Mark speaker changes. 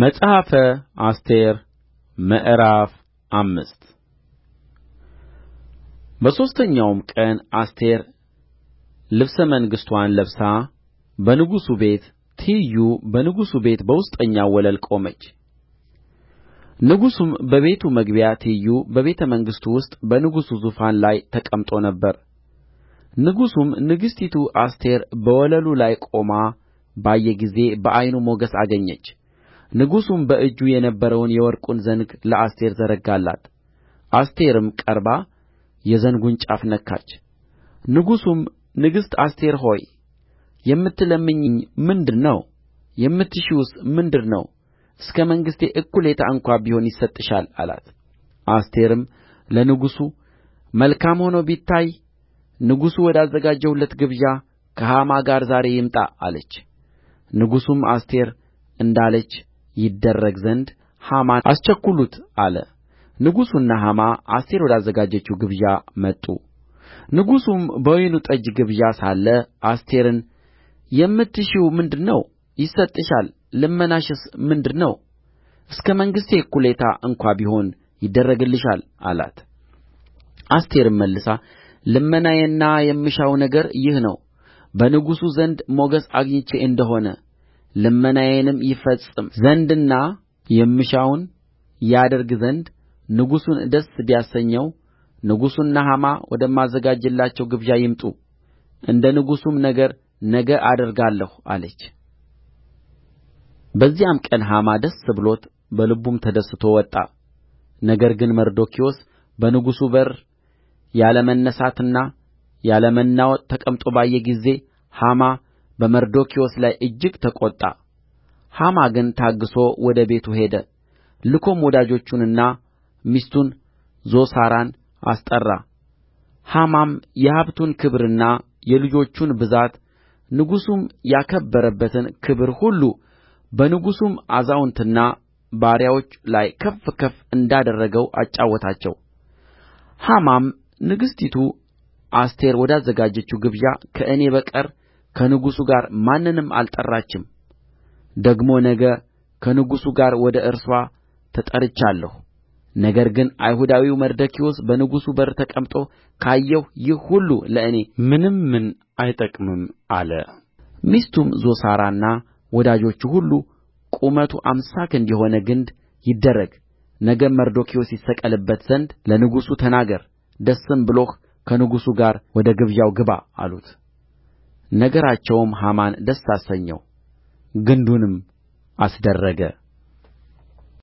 Speaker 1: መጽሐፈ አስቴር ምዕራፍ አምስት በሦስተኛውም ቀን አስቴር ልብሰ መንግሥትዋን ለብሳ በንጉሡ ቤት ትይዩ በንጉሡ ቤት በውስጠኛው ወለል ቆመች። ንጉሡም በቤቱ መግቢያ ትይዩ በቤተ መንግሥቱ ውስጥ በንጉሡ ዙፋን ላይ ተቀምጦ ነበር። ንጉሡም ንግሥቲቱ አስቴር በወለሉ ላይ ቆማ ባየ ጊዜ በዓይኑ ሞገስ አገኘች። ንጉሡም በእጁ የነበረውን የወርቁን ዘንግ ለአስቴር ዘረጋላት አስቴርም ቀርባ የዘንጉን ጫፍ ነካች ንጉሡም ንግሥት አስቴር ሆይ የምትለምኚኝ ምንድር ነው የምትሺውስ ምንድር ነው እስከ መንግሥቴ እኵሌታ እንኳ ቢሆን ይሰጥሻል አላት አስቴርም ለንጉሡ መልካም ሆኖ ቢታይ ንጉሡ ወዳዘጋጀሁለት ግብዣ ከሐማ ጋር ዛሬ ይምጣ አለች ንጉሡም አስቴር እንዳለች ይደረግ ዘንድ ሐማን አስቸኵሉት አለ ንጉሡና ሐማ አስቴር ወዳዘጋጀችው ግብዣ መጡ ንጉሡም በወይኑ ጠጅ ግብዣ ሳለ አስቴርን የምትሺው ምንድር ነው ይሰጥሻል ልመናሽስ ምንድር ነው እስከ መንግሥቴ እኵሌታ እንኳ ቢሆን ይደረግልሻል አላት አስቴርም መልሳ ልመናዬና የምሻው ነገር ይህ ነው በንጉሡ ዘንድ ሞገስ አግኝቼ እንደሆነ ልመናዬንም ይፈጽም ዘንድና የምሻውን ያደርግ ዘንድ ንጉሡን ደስ ቢያሰኘው ንጉሡና ሐማ ወደማዘጋጅላቸው ግብዣ ይምጡ እንደ ንጉሡም ነገር ነገ አደርጋለሁ አለች በዚያም ቀን ሐማ ደስ ብሎት በልቡም ተደስቶ ወጣ ነገር ግን መርዶክዮስ በንጉሡ በር ያለ መነሣትና ያለ መናወጥ ተቀምጦ ባየ ጊዜ ሐማ በመርዶክዮስ ላይ እጅግ ተቈጣ ሐማ ግን ታግሦ ወደ ቤቱ ሄደ ልኮም ወዳጆቹንና ሚስቱን ዞሳራን አስጠራ ሐማም የሀብቱን ክብርና የልጆቹን ብዛት ንጉሡም ያከበረበትን ክብር ሁሉ በንጉሡም አዛውንትና ባሪያዎች ላይ ከፍ ከፍ እንዳደረገው አጫወታቸው። ሐማም ንግሥቲቱ አስቴር ወዳዘጋጀችው ግብዣ ከእኔ በቀር ከንጉሡ ጋር ማንንም አልጠራችም ደግሞ ነገ ከንጉሡ ጋር ወደ እርስዋ ተጠርቻለሁ ነገር ግን አይሁዳዊው መርዶክዮስ በንጉሡ በር ተቀምጦ ካየሁ ይህ ሁሉ ለእኔ ምንም ምን አይጠቅምም አለ ሚስቱም ዞሳራና ወዳጆቹ ሁሉ ቁመቱ አምሳ ክንድ የሆነ ግንድ ይደረግ ነገም መርዶክዮስ ይሰቀልበት ዘንድ ለንጉሡ ተናገር ደስም ብሎህ ከንጉሡ ጋር ወደ ግብዣው ግባ አሉት ነገራቸውም ሐማን ደስ አሰኘው ግንዱንም አስደረገ